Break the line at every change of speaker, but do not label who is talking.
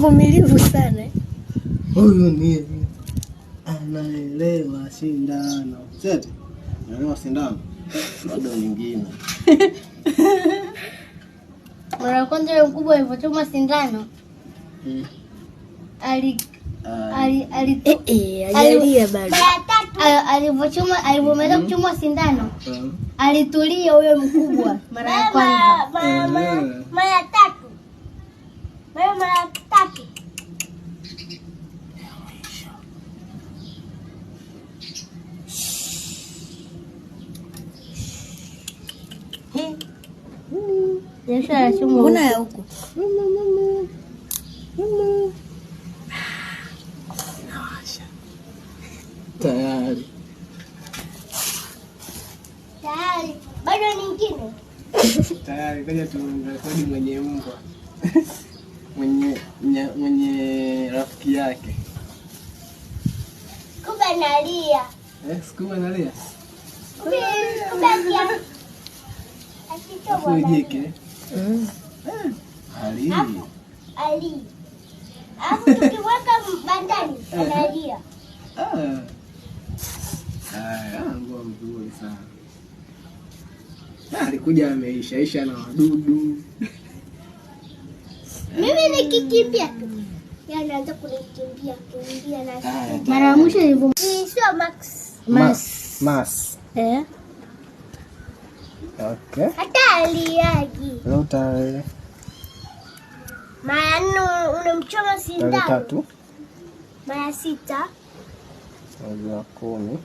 mvumilivu sana
huyu. ni anaelewa sindano Sasa anaelewa sindano bado nyingine.
Mara ya kwanza yule mkubwa alivyochoma sindano hmm. Ali eh, eh, alivyochoma alivyomaliza hmm. kuchuma sindano hmm. alitulia huyo mkubwa
mara ya kwanza.
Mbona
ya huko
tayari
tayari, bado nyingine
tayari. Ngoja turekodi mwenye mbwa mwenye mwenye rafiki yake
Kuba nalia,
eh, Kuba nalia
ufujike ali hmm. ali, alafu tukiweka bandani eh. analia.
Ah. Nguo mzuri sana, alikuja ameishaisha na wadudu.
Mimi nikikimbia tu anaanza kunikimbia kimbia, na
mara mwisho nilivyo,
sio Max
Max
Max eh Okay.
Hata aliagi.
Leo tarehe
mara nne unamchoma
sindano. tatu
mara sita
mwezi wa kumi